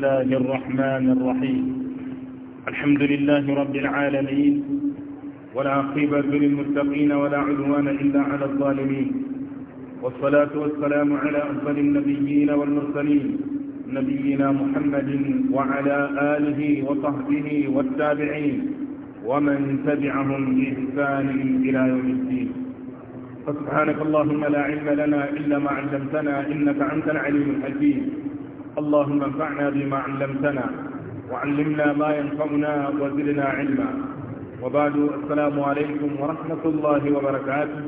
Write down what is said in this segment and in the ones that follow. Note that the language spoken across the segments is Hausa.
الله الرحمن الرحيم الحمد لله رب العالمين والعاقبة للمتقين ولا عدوان إلا على الظالمين والصلاة والسلام على أفضل النبيين والمرسلين نبينا محمد وعلى آله وصحبه والتابعين ومن تبعهم بإحسان إلى يوم الدين فسبحانك اللهم لا علم لنا إلا ما علمتنا إنك أنت العليم الحكيم اللهم انفعنا بما علمتنا وعلمنا ما ينفعنا وزدنا علما وبعد السلام عليكم ورحمة الله وبركاته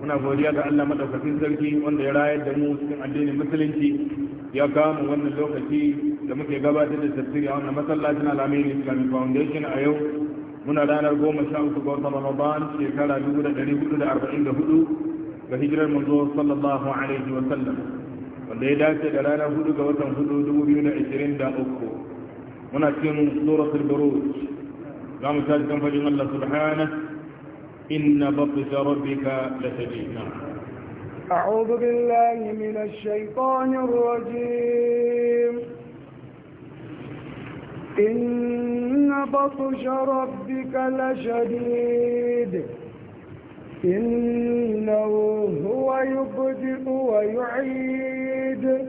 muna godiya ga Allah madaukakin sarki wanda ya rayar da mu cikin addinin musulunci ya kama wannan lokaci da muke gabatar da tafsiri a wannan masallacin alamin islamic foundation a yau muna ranar goma sha uku ga watan ramadan shekara dubu da ɗari hudu da arba'in da hudu ga sallallahu alaihi wa sallam da ya dace da ranar hudu ga watan hudu dubu biyu da ashirin da uku muna cikin suratul buruj za mu tashi kan fadin Allah subhanahu inna batsha rabbika lashadid أعوذ بالله من الشيطان الرجيم إن بطش ربك لشديد إنه هو يبدئ ويعيد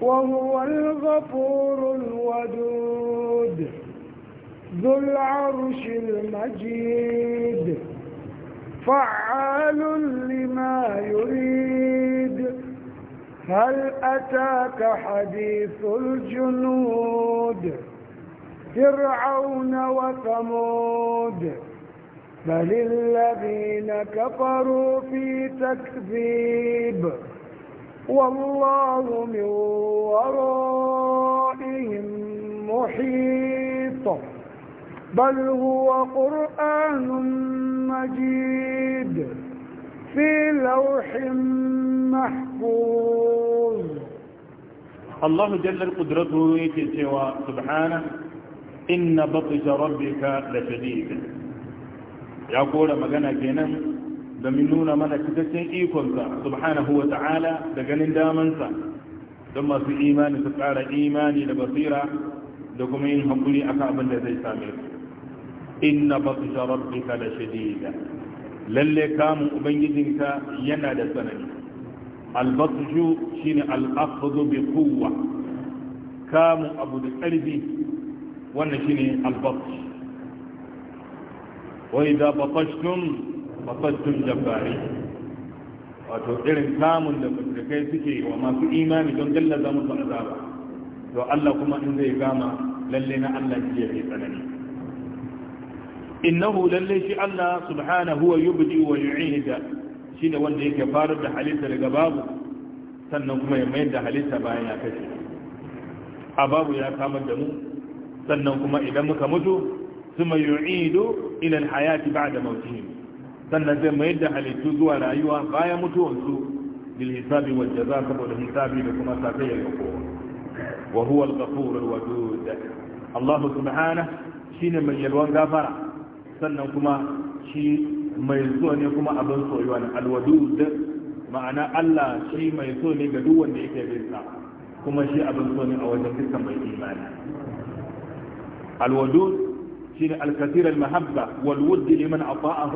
وهو الغفور الودود ذو العرش المجيد فعال لما يريد هل أتاك حديث الجنود فرعون وثمود بل الذين كفروا في تكذيب والله من ورائهم محيط بل هو قرآن مجيد في لوح محفوظ الله جل قدرته سوى سبحانه إن بطش ربك لشديد ya kora magana kenan min nuna mana cikakken ikonsa subhanahu wa ta'ala da ganin damansa don masu imani su tsara imani da basira da kuma yin hankuli aka abin da zai same su inna batsha rabbika la shadida lalle kamun ubangijinka yana da tsanani albatshu shine al-akhdhu bi quwwa kamun abu da karfi wannan shine albatsh وإذا بطشتم بطشتم جبارين wato irin samun da musulkai suke wa masu imani don gallaza musu azaba to Allah kuma in zai gama lalle na Allah shi yake tsanani innahu lalle shi Allah subhanahu wa yubdi wa yu'ida shine wanda yake fara da halitta daga babu sannan kuma ya mayar da halitta bayan ya kashe a babu ya kama da mu sannan kuma idan muka mutu ثم يعيد إلى الحياة بعد موتهم سنزم يدها للجزوة رأيها غاية متوسو للحساب والجزاء سبب الحساب لكما ساتي الوقوع وهو الغفور الودود الله سبحانه شين من يلوان غفر سنكما شي ميزوني كما أبن صويوان الودود معنى الله شي ميزوني قدوا لإيكي بيسا كما شي أبن صويوان أوجه كسم بإيمان الودود شنو الكثير المحبة والود لمن أطاعه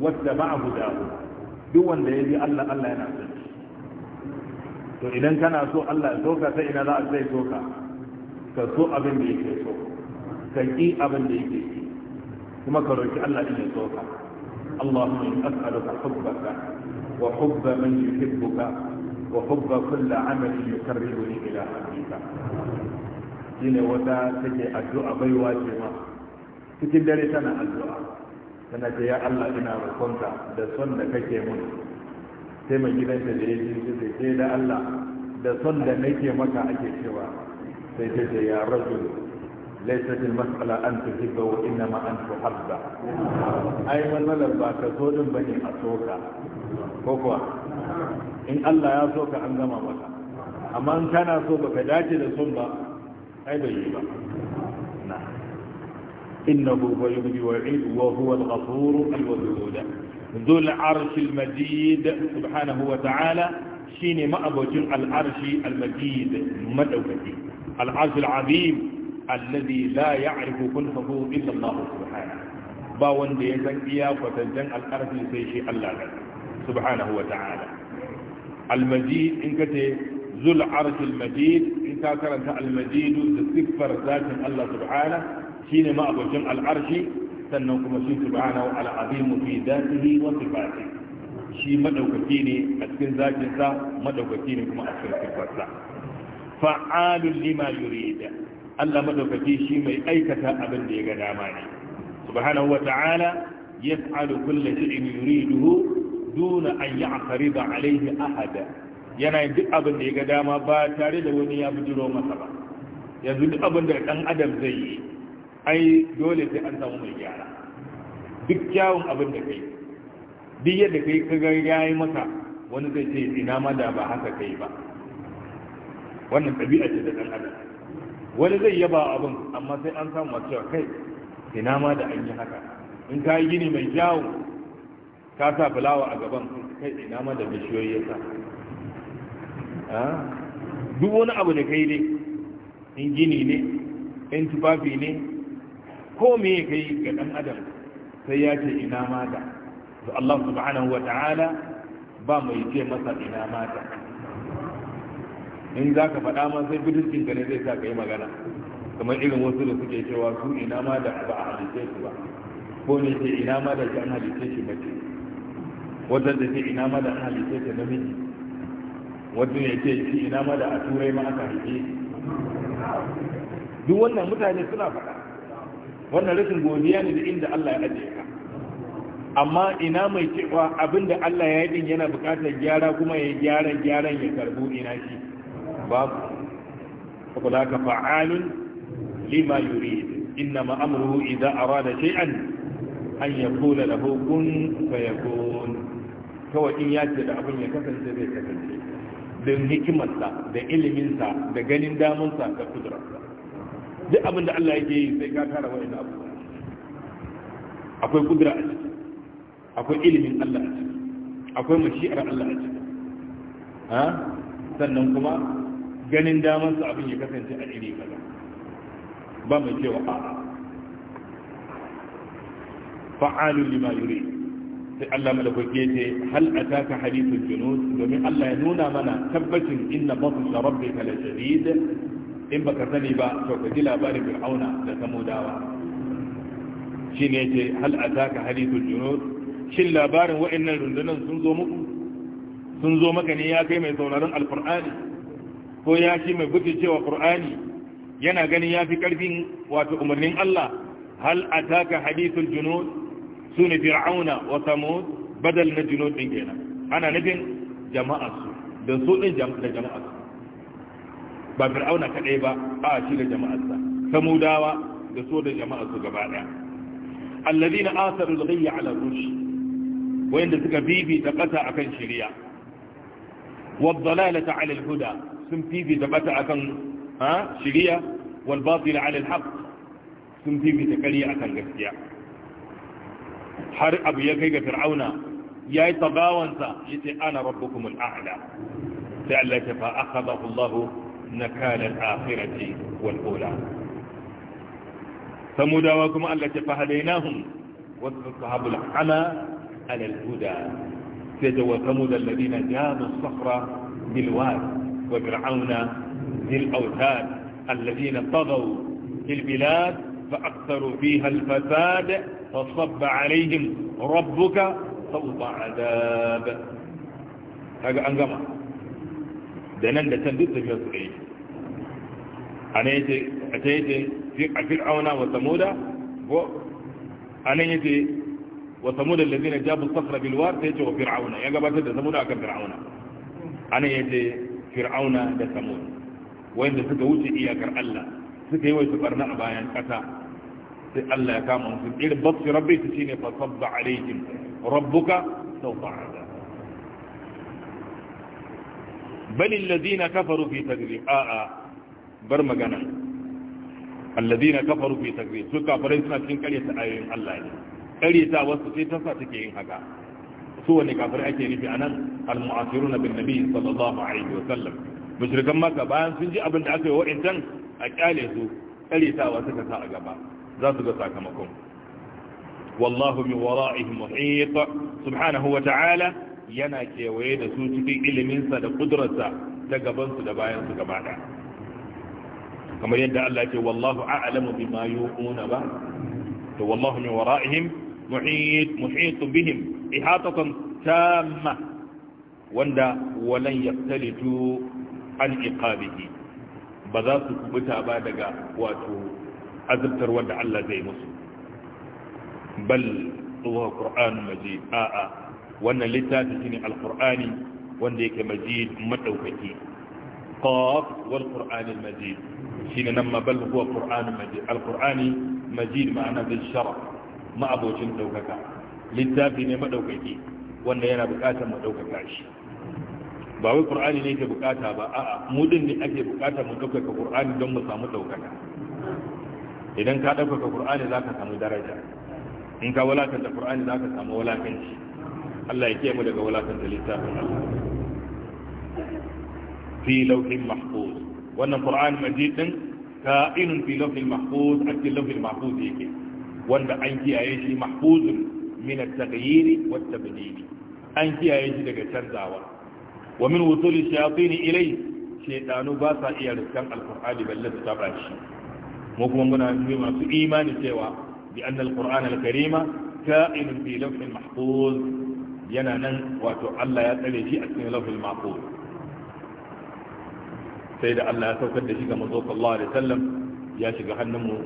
واتبع هداه دون ده يجي الله الله ينعطيك إذا كان أسوء الله سوكا فإن لا أسوء سوكا كسوء أبن ليك سوكا كيئ أبن ليك ثم كرك الله إلي سوكا اللهم أسألك حبك وحب من يحبك وحب كل عمل يكرهني إلى حبيبك إن وذا تجي أدعو أبي واجبك cikin dare tana addu'a tana ce ya Allah ina roƙonka da son da kake mun sai mai gidanta da ya ji sai sai eh, da Allah da son da nake maka ake cewa sai ta ce ya rajul laysat al-mas'ala an tuhibba wa innama an tuhabba ai wannan ba ka so din bane a soka ko kuwa in Allah ya so ka an gama maka amma in kana so baka dace da son ba ai bai yi ba إنه هو يبدي ويعيد وهو الغفور الودود ذو العرش المجيد سبحانه وتعالى شين ما أبوجن العرش المجيد مدوكتي العرش العظيم الذي لا يعرف كنفه إلا الله سبحانه باون دي زنقيا فتنجن الأرض لسيشي الله سبحانه وتعالى المجيد إنك ذو العرش المجيد إنك كرت المجيد ذو سفر ذات الله سبحانه shine ma'abucin al'arshi sannan kuma shi subhanahu al'azim fi dhatihi wa sifatihi shi madaukaki ne a cikin zakin sa madaukaki ne kuma a cikin sifarsa fa'alul lima yurid Allah madaukaki shi mai aikata abin da ya ga dama ne subhanahu wa ta'ala yaf'alu kulli shay'in yuriduhu duna an ya'tarida alayhi ahada yana duk abin da ya ga dama ba tare da wani ya bujiro masa ba yanzu duk abin da dan adam zai yi ai dole sai an samu mai gyara duk kyawun abin da kai duk yadda kai ka ga yi maka wani zai ce ina ma da ba haka kai ba wannan ɗabi'a ce da ɗan adam wani zai yaba abin amma sai an samu masu kai ina ma da an yi haka in ka yi gini mai kyawu ka sa fulawa a gaban kai ina ma da bishiyoyi ya sa ah, duk wani abu da kai ne, in gini ne in tufafi ne ko me ka yi ga dan adam sai ya ce ina mata to Allah subhanahu wa ta'ala ba mai ce masa ina mata in za ka faɗa ma sai bidincin ka ne zai sa ka yi magana kamar irin wasu da suke cewa su ina ma da ba a halice su ba ko ne ce ina ma da an halice shi mace wata da ce ina ma da an halice ta namiji wata ne ce shi ina ma da a turai ma aka halice duk wannan mutane suna faɗa wannan rashin godiya ne da inda Allah ya ajiye ka amma ina mai cewa abinda Allah ya yi yana bukatar gyara kuma ya gyara gyaran ya karbu ina shi babu saboda ka fa'alun lima yurid inna ma amruhu idza arada shay'an an yaqula lahu kun fayakun kawai in ya ce da abin ya kasance zai kasance don hikimarsa da iliminsa da ganin damunsa, da kudurarsa duk abin da Allah yake yi sai ka tara ina abubuwa akwai kudura a ciki akwai ilimin Allah a ciki akwai mashi'ar Allah a ciki ha sannan kuma ganin daman su abin ya kasance a iri kaza ba mai cewa a'a fa'alu lima yuri sai Allah madaukake ce hal ataka hadithul junud domin Allah ya nuna mana tabbacin inna batsha rabbika la shadid in ba ka sani ba to ka ji labarin fir'auna da samudawa shi ne ce hal a ataka hadithul junud shin labarin wa'annan rundunan sun zo muku sun zo maka ne ya kai mai sauraron alqur'ani ko ya shi mai buke cewa qur'ani yana ganin ya fi karfin wato umarnin Allah hal a ataka hadithul junud sune fir'auna wa samud badal na junud din kenan ana nufin jama'a su da su din jama'a su ba fir'auna kadai ba a shi da jama'arsa samudawa da so da jama'arsu gaba daya alladhina asaru al-ghayya ala rush wayanda suka bibi da bata akan shari'a wad dalalata ala al-huda sun bibi da bata akan ha shari'a wal batil ala al sun bibi da kariya akan gaskiya har abu ya kai ga fir'auna ya yi tabawansa ya ce ana rabbukumul a'la sai Allah ya fa akhadahu Allah نكال الآخرة والأولى ثمودا وكما التي فهديناهم والصحاب الحمى على الهدى سيدوا ثمود الذين جابوا الصخر بالواد وفرعون ذي الأوتاد الذين طغوا في البلاد فأكثروا فيها الفساد فصب عليهم ربك صوت عذاب هذا أنقمة da nan في can a nan yake a ta yake a fir'auna wa samuda ko a nan yake wa samuda lalzina jabu safra bilwa ta yake wa fir'auna ya gabatar da samuda akan fir'auna a nan yake fir'auna da samuda wanda suka wuce iyakar Allah suka yi wa a bayan ƙasa sai Allah ya kama musu irin basu rabbi ta shine fa sabba alaihim rabbuka a a bar magana alladina kafaru fi takzib su kafarai suna cikin ta ayoyin Allah ne karyata wasu sai ta sa take yin haka su wani kafirai ake nufi anan almu'asiruna bin nabi sallallahu alaihi wa sallam mushrikan maka bayan sun ji abin da aka yi wa'intan a kyale su karyatawa suka sa a gaba za su ga sakamakon والله من ورائهم subhanahu wa ta'ala yana kewaye da su cikin iliminsa da kudurarsa ta gabansu da bayansu gaba ɗaya kamar yadda Allah ce wallahu a'lamu bima yuquna ba to wallahu min wara'ihim muhit muhitun bihim ihatatan tamma wanda walan yaftalitu an iqabihi ba za su kubuta ba daga wato azabtar wanda Allah zai musu bal huwa qur'an majid a'a wannan littafi shine alqur'ani wanda yake majid madaukaki qaf wal qur'an al majid shine nan ma bal huwa qur'an majid al ma'ana bil shar ma abocin littafi ne madaukaki wanda yana bukatar mu shi ba wai qur'ani ne yake bukata ba a'a mu din ne ake bukata mu daukaka qur'ani don mu samu daukaka idan ka daukaka qur'ani zaka samu daraja in ka walakanta qur'ani zaka samu walakanci Allah ya kiyaye mu daga walakanta littafin Allah fi lauhin mahfuz wannan qur'ani majid din ka'inun fi lauhin mahfuz a cikin lauhin mahfuz yake wanda an kiyaye shi mahfuzun min at-taghyir wa at-tabdil an shi daga canzawa wa min wusuli shayatin ilay shaytanu ba iya rikan al-qur'ani balle mu kuma muna yi masu imani cewa bi anna al alkarima al fi lawhin mahfuz yana nan wato Allah ya tsare shi a cikin lawhin mahfuz sai da Allah ya saukar da shi ga manzo sallallahu alaihi wasallam ya shiga hannunmu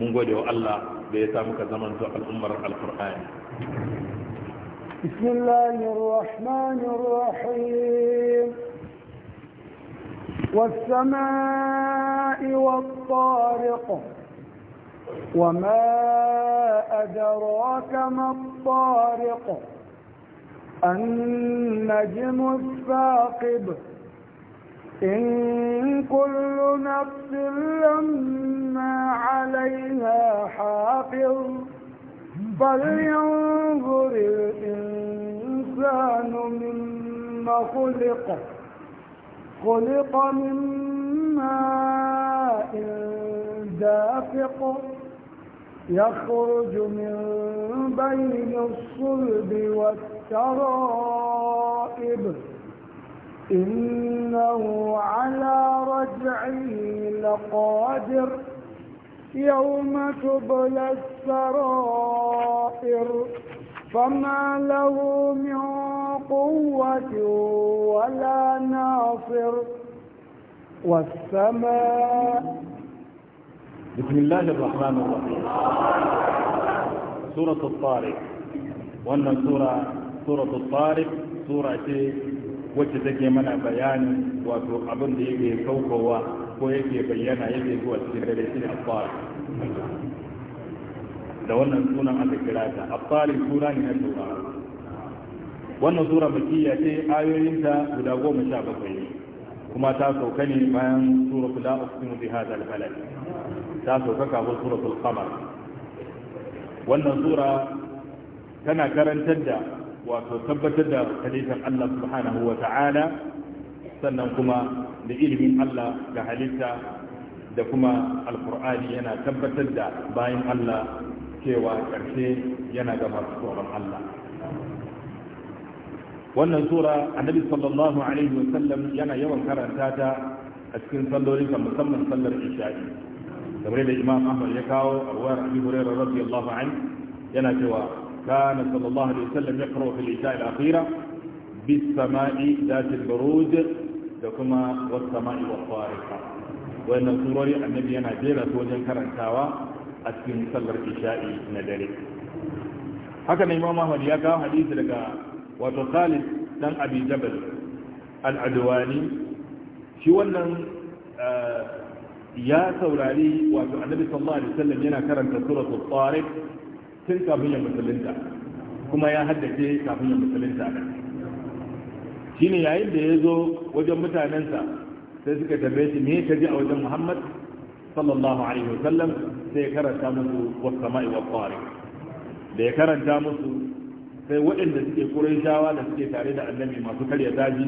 mun gode wa Allah da ya sa muka zaman to al'ummar alqur'ani bismillahir rahmanir rahim والسماء والطارق وما أدراك ما الطارق النجم الثاقب إن كل نفس لما عليها حافظ فلينظر الإنسان مما خلق خلق من ماء دافق يخرج من بين الصلب والترائب إنه على رجعه لقادر يوم تبلى السرائر فما له من قوة ولا ناصر والسماء بسم الله الرحمن الرحيم سورة الطارق وأن سورة سورة الطارق سورة إيه؟ wacce take mana bayanin wato abin da yake saukowa ko yake bayyana yake zuwa cikin dare shi ne afar da wannan sunan aka kira ta afar sura ne na wannan sura makiyya ce ayoyinta guda goma sha bakwai kuma ta sauka ne bayan sura kula uqsimu bi hada al-balad ta sauka kafin suratul qamar wannan sura tana karantar da wato tabbatar da halittar Allah subhanahu wa ta'ala sannan kuma da ilimin Allah ga halitta da kuma alkur'ani yana tabbatar da bayan Allah cewa ƙarshe yana ga masu tsoron Allah wannan sura annabi sallallahu alaihi wasallam yana yawan karanta ta a cikin sallolinsa musamman sallar isha'i kamar da imam ahmad ya kawo a ruwayar abi hurairah radiyallahu anhu yana cewa كان صلى الله عليه وسلم يقرأ في العشاء الأخيرة بالسماء ذات البروج لكما والسماء والطارقة وإن الصور النبي أنا جيلة وجن كرنتاوى أسكن صلى العشاء ندري هكذا إمام أحمد يقع حديث لك وتخالد دم أبي جبل العدواني شو أن ya saurari wato annabi sallallahu alaihi wasallam yana karanta suratul tariq tun kafin ya musulunta kuma ya haddace kafin ya musulunta shine yayin da ya zo wajen mutanensa sai suka tambaye shi me ka ji a wajen muhammad sallallahu alaihi wasallam sai ya karanta musu wasama'i wa tsari da ya karanta musu sai waɗanda suke kuraishawa da suke tare da annabi masu karya daji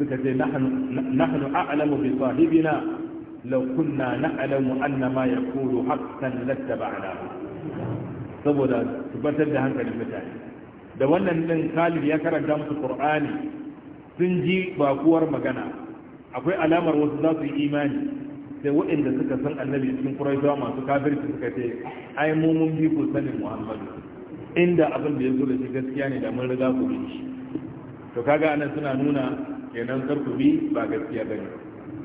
suka ce nahnu a'lamu bi sahibina law kunna na'lamu anna ma yaqulu haqqan lattaba'nahu saboda tabbatar da hankalin mutane da wannan din ya karanta musu Qur'ani sun ji bakuwar magana akwai alamar wasu za su yi imani sai waɗanda suka san annabi cikin Quraishawa masu kafirci suka ce ai mu mun bi ku sanin Muhammadu inda abin da ya zo da shi gaskiya ne da mun riga ku bi shi to kaga anan suna nuna kenan kar bi ba gaskiya bane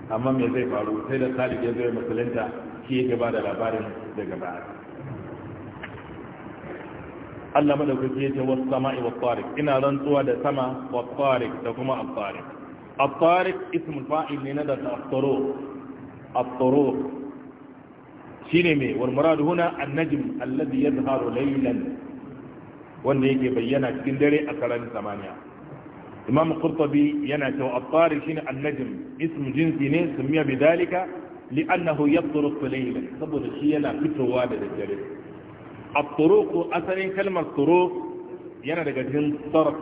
amma me zai faru sai da Khalid ya zo ya musulunta shi ya gaba da labarin daga baya Allah madaukaki yace was sama'i was tariq ina rantsuwa da sama was tariq da kuma al tariq al tariq ismul fa'il ne na da at-turuq at-turuq shine me wal murad huna an-najm alladhi yadhharu laylan wanda yake bayyana cikin dare a sararin samaniya imam qurtubi yana cewa at-tariq shine an-najm ismu jinsi ne sumiya bidalika li'annahu yabturu laylan saboda shi yana fitowa da daddare at-turuq asalin kalmar turuq yana daga cikin sarf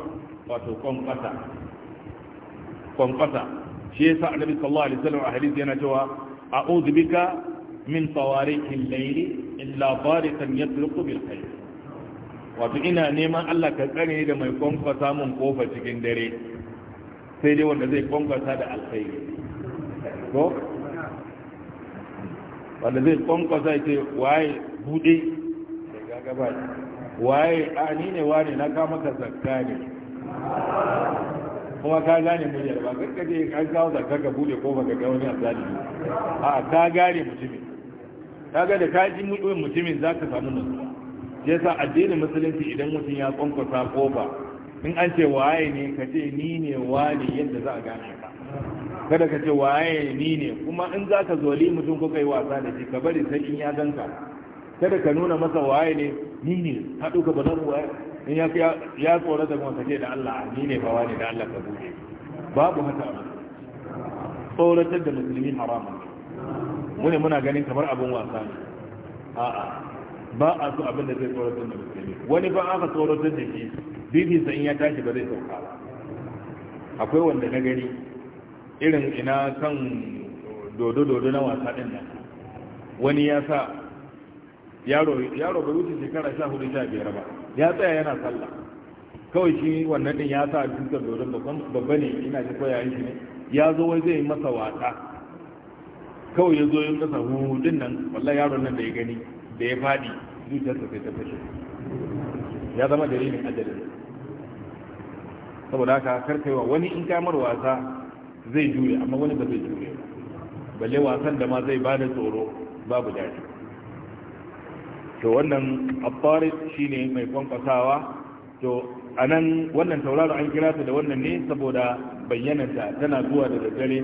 wato kwankwasa kwankwasa shi yasa annabi sallallahu alaihi wasallam a hadisi yana cewa a'udhu bika min tawariqil layli illa tariqan yatluqu bil khayr wato ina neman Allah ka tsare ni da mai kwankwasa mun kofa cikin dare sai dai wanda zai kwankwasa da wanda zai ce gaba waye a ni ne wane na kama ka zakka ne kuma ka gane muryar ba je an kawo zakka ka bude ko ba ka ga wani azali a ka gane mutumin ka ga da ka ji mutumin za ka samu nutsuwa ya sa addinin musulunci idan mutum ya kwankwasa kofa in an ce waye ne ka ce ni ne wane yadda za a gane ka kada ka ce waye ni ne kuma in za ka zoli mutum ko kai wasa da shi ka bari sai in ya ganka kada ka nuna masa waye ne ni ne ka ɗauka ba nan waye in ya ya tsora da kuma kace da Allah ni ne bawa ne da Allah ka buɗe babu haka a tsoratar da musulmi harama mu ne muna ganin kamar abin wasa ne a'a ba a so abin da zai tsoratar da musulmi wani ba aka tsoratar da shi bibinsa in ya tashi ba zai sauka ba akwai wanda na gani irin ina kan dodo-dodo na wasa din nan wani ya sa yaro bai wuce shekara sha hudu sha biyar ba ya tsaya yana sallah kawai shi wannan din ya sa dukkan dodon babba ne ina ji koya shi ne ya zo wai zai masa wata, kawai ya zo yin kasa hudun nan wallahi yaron nan da ya gani da ya fadi zuciyarsa sai ta fashe ya zama dalilin ajalin saboda haka karkaiwa wani in kamar wasa zai jure amma wani ba zai jure balle wasan da ma zai bada tsoro babu daɗi to wannan abbaris shine mai kwankwasawa to anan wannan tauraro an kira ta da wannan ne saboda bayyananta tana zuwa da daddare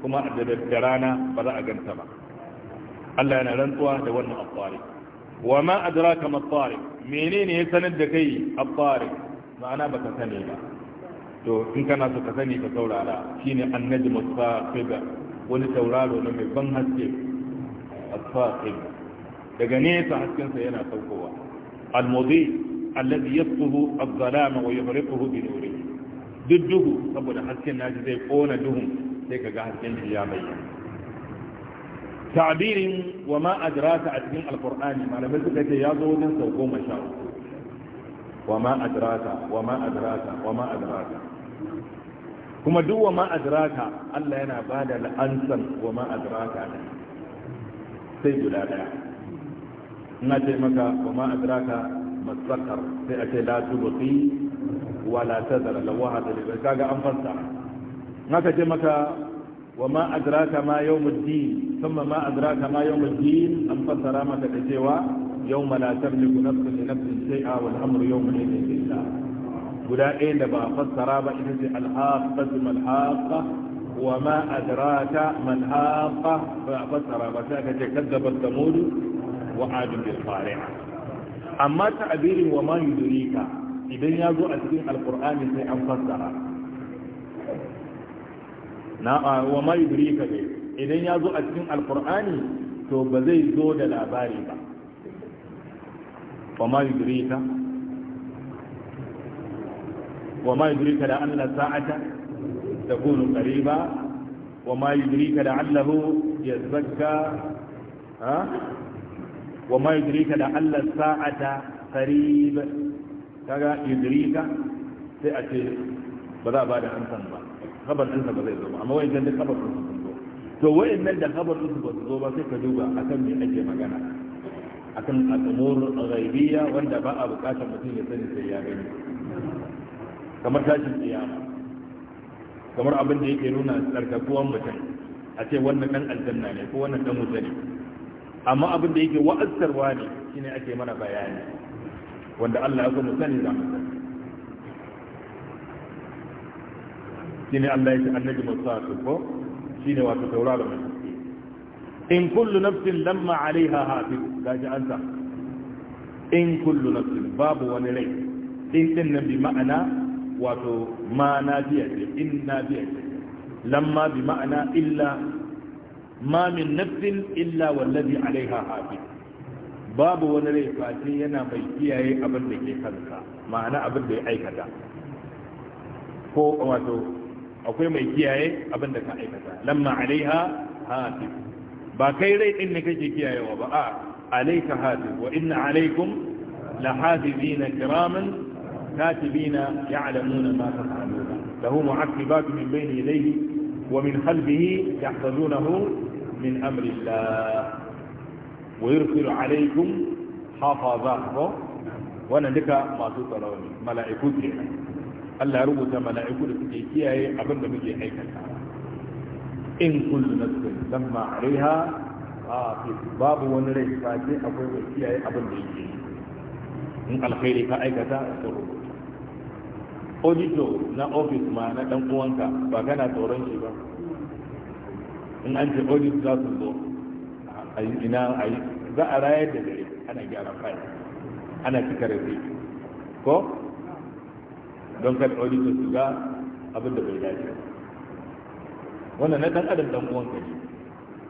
kuma da rana ba za a ganta ba Allah yana rantsuwa da wannan abbaris wa ma adraka ma menene ya sanar da kai abbaris ma'ana baka sani ba to in kana so ka sani ka saurara shine annajmu saqiba wani tauraro ne mai ban haske as daga nesa haskensa yana saukowa al-mudi alladhi yasquhu adh-dhalama wa yughriquhu bi nurihi duk duhu saboda hasken naji zai kona duhun sai ka ga hasken shi ya bayyana ta'birin wa ma adraka a cikin alqur'ani malamai suka ce ya zo wajen sau goma sha wa ma adraka wa ma adraka wa ma adraka kuma duk wa ma adraka Allah yana bada la'ansan wa ma adraka sai guda daya na ce maka wa ma adraka masakar sai a ce la tubqi wa la tazar lawaha da kaga an farsa naka ce maka wa ma adraka ma yawmuddin thumma ma adraka ma yawmuddin an fassara maka da cewa yawma la tamliku nafsun li nafsin shay'a wal amru yawma idin lillah guda ɗaya da ba fassara ba ita ce al-haqqatu mal haqqa وما أدراك من هاقة فأبصر بساك تكذب الثمود wa adin bil fariha amma ta'abirin wa ma yudrika idan ya zo a cikin alqur'ani sai an fassara na wa ma yudrika ne idan ya zo a cikin alqur'ani to ba zai zo da labari ba wa ma yudrika wa ma yudrika da anna sa'ata تكون قريبا وما da Allahu يزكى ha? wa ma yudrika da Allah sa'ata qarib kaga yudrika sai a ce ba za a bada ansan ba kabar ɗinsa ba zai zo ba amma wayannan da kabar ɗinsa sun zo to wayannan da kabar ɗinsa ba zo ba sai ka duba akan me ake magana akan al'umur ghaibiyya wanda ba a bukatar mutum ya sani sai ya gani kamar tashin kiyama kamar abin da yake nuna tsarkakuwan mutum a ce wannan dan aljanna ne ko wannan dan wuta ne amma abin da yake wa'azzarwa ne shine ake mana bayani wanda Allah ya kuma mu sani shine Allah yake annabi Musa ko shine wato tauraro mai in kullu nafsin lamma alaiha hafiz gaji an sa in kullu nafsin babu wani rai in din nan bi ma'ana wato ma na biya ce in na ce lamma bi ma'ana illa ما من نفس إلا والذي عليها حافظ باب ونري فاتي ينا بيكي أي أبدا كي خلقا ما أنا أبدا أي كتا هو أماتو أقول ما يكي أي أبدا كي كتا لما عليها حافظ باكي ريت إنك يكي أي وبعا آه. عليك حافظ وإن عليكم لحافظين كراما كاتبين يعلمون ما تفعلون له معقبات من بين يديه ومن خلفه يحفظونه من أمر الله ويرسل عليكم حافظة masu mala'iku ke Allah ya rubuta mala'iku da suke kiyaye abin da muke aikata in kullu nafsin lamma alaiha babu wani rai akwai mai kiyaye abin da na office ma na dan uwanka ba kana tsoron shi ba in an ce audit za su zo ina a yi za a rayar da dare ana gyara fayil ana cika rafi ko don kada audit su ga abin da bai dace wannan na dan adam dan uwan ka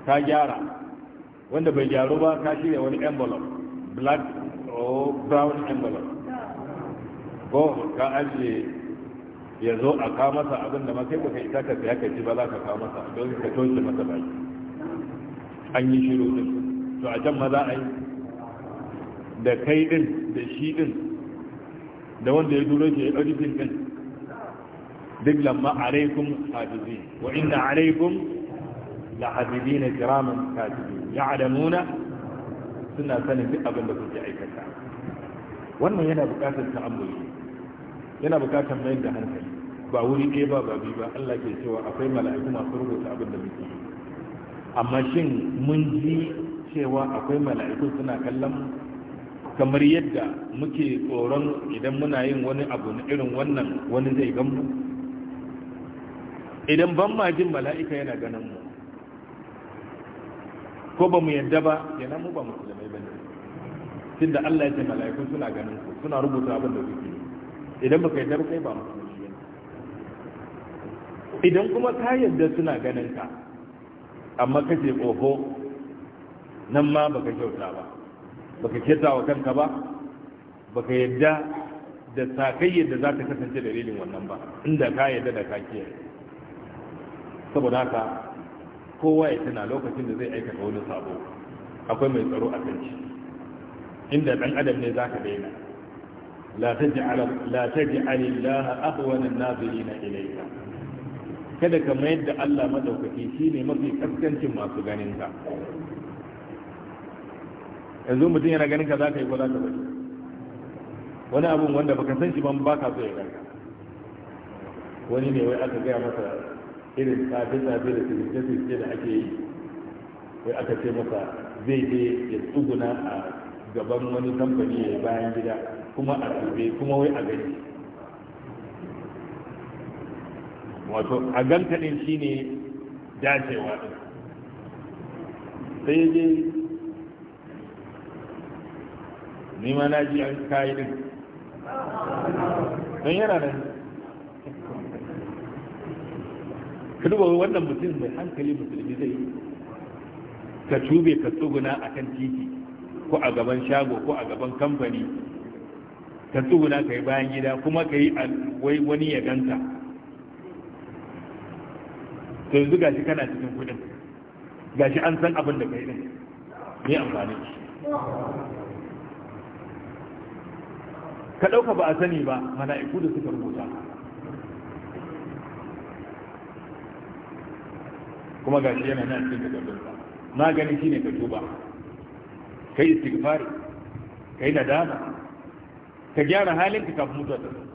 ta gyara wanda bai gyaru ba ka shirya wani envelope black or brown envelope ko ka ajiye ya zo a kawo masa abin da makai baka isa ka ya kaji ba za ka kawo masa don ka toshe masa baki an yi shiru din to a can ma za a yi da kai din da shi din da wanda ya duro shi ya ɗauri din din duk lamma alaikum hafizi wa inna alaikum la hafizina kiraman katibi ya'lamuna suna sanin duk abin da kuke aikata wannan yana bukatar ta'ammuli yana bukatar mayar da hankali ba wuri ke ba ba ba Allah ke cewa akwai mala'iku masu rubuta abin da muke yi amma shin mun ji cewa akwai mala'iku suna kallon kamar yadda muke tsoron idan muna yin wani abu na irin wannan wani zai gan mu idan ban ma jin mala'ika yana ganin mu ko ba mu yadda ba yana mu ba musulmai ba ne tunda Allah ya ce mala'iku suna ganin ku suna rubuta abin da kuke idan baka yadda ba kai ba musulmai idan kuma ka yadda suna ganin ka amma kace oho nan ma baka kyauta ba baka kyauta wa kanka ba baka yadda da sakayyar da za ta kasance dalilin wannan ba inda ka yadda da ka kiyaye saboda haka kowa ya tana lokacin da zai aikata wani sabo akwai mai tsaro a kan shi inda dan adam ne za ka daina la taj'al la taj'al illaha ahwana an-nazirina ilayka kada ka mayar da Allah shi shine mafi kaskancin masu ganin ka yanzu mutum yana ganin ka za ka yi ko za ka bari wani abun wanda baka san shi ban ba ka so ya ganka wani ne wai aka gaya masa irin tsafe-tsafe da sirce-sirce da ake yi wai aka ce masa zai je ya tsuguna a gaban wani kamfani ya bayan gida kuma a tube kuma wai a gani wato a ganka shi ne dacewa ɗin sai dai ni ma na ji an kayi ɗin don yana nan ka duba wannan mutum mai hankali musulmi zai ka tube ka tsuguna a kan titi ko a gaban shago ko a gaban kamfani ka tsuguna ka yi bayan gida kuma ka yi wani ya ganta to yanzu gashi kana cikin kudin gashi an san abin da kai din ne amfani ka dauka ba a sani ba mana iku da suka rubuta kuma gashi yana nan cikin na gani shine ka tuba kai istighfari kai nadama ka gyara halinka kafin mutuwa ta zo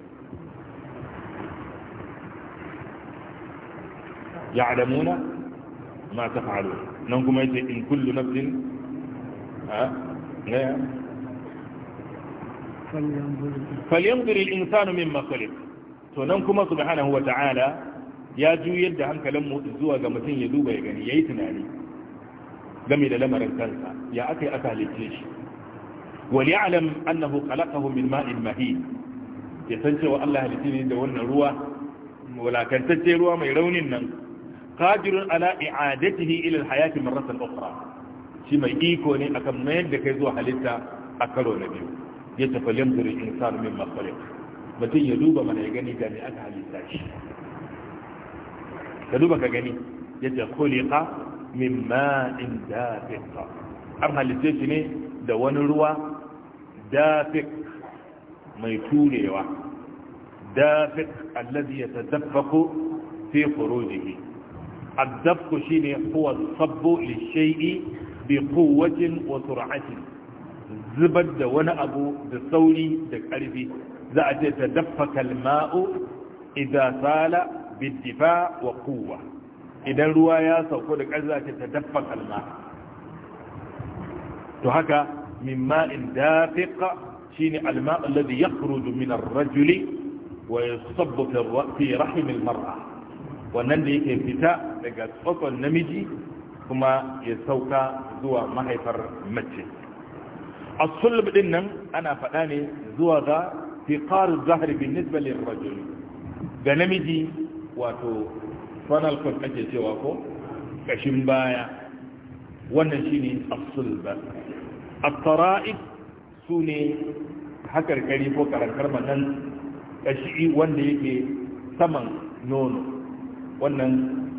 ya'lamuna ma taf'alun nan kuma yace in kullu nafsin a ne falyanzur al-insanu mimma khuliq to nan kuma subhanahu wa ta'ala ya juyar da hankalin mu zuwa ga mutum ya duba ya gani yayi tunani game da lamarin kansa ya akai aka halice shi wal ya'lam annahu khalaqahu min ya san cewa Allah ne da wannan ruwa ruwa mai raunin nan qadirun ala i'adatihi ila al-hayati marratan ukhra shi mai iko ne akan mayar da kai zuwa halitta a karo na biyu ya tafi lamdur insan min makhluq mutum ya duba mana ya gani da me aka halitta shi ka duba ka gani yadda khuliqa min ma'in dafiq an halitta shi ne da wani ruwa dafiq turewa dafiq allazi yatadaffaku fi khurujihi الدفق شيني هو الصب للشيء بقوة وسرعة زبد وانا ابو بصولي دكالبي زعت يتدفق الماء إذا سال بالدفاع وقوة إذا الرواية سوف تدفق الماء تهكا من ماء دافق شيني الماء الذي يخرج من الرجل ويصب في رحم المرأة wannan da yake fita daga tsotson namiji kuma ya sauka zuwa mahaifar mace a sulb din nan ana faɗa ne zuwa ga fiƙar zahar bin nisbalin rajul ga namiji wato spinal cord ake cewa ko ƙashin baya wannan shi ne a a tara'id su ne hakarkari ko karankar manan ƙashi wanda yake saman nono wannan